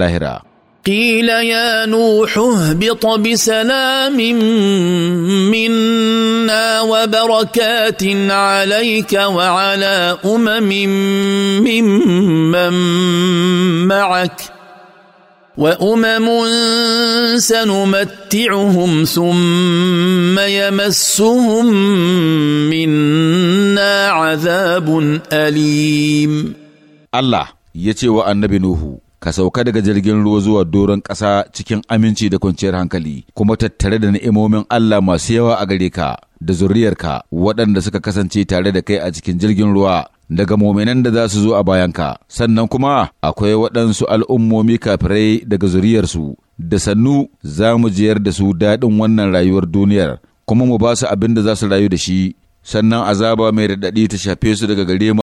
لاهرا قيل يا نوح اهبط بسلام منا وبركات عليك وعلى امم ممن معك وامم سنمتعهم ثم يمسهم منا عذاب اليم الله يتي النبي نوح ka sauka daga jirgin ruwa zuwa doron ƙasa cikin aminci da kwanciyar hankali kuma tattare da ni'imomin Allah masu yawa a gare ka da zuriyarka waɗanda suka kasance tare da kai a cikin jirgin ruwa daga mominan da za su zo a bayanka sannan kuma akwai waɗansu al'ummomi kafirai daga zuriyarsu da sannu za mu jiyar da su daɗin wannan rayuwar duniyar kuma mu ba su abin da za su rayu da shi sannan azaba mai raɗaɗi ta shafe su daga gare mu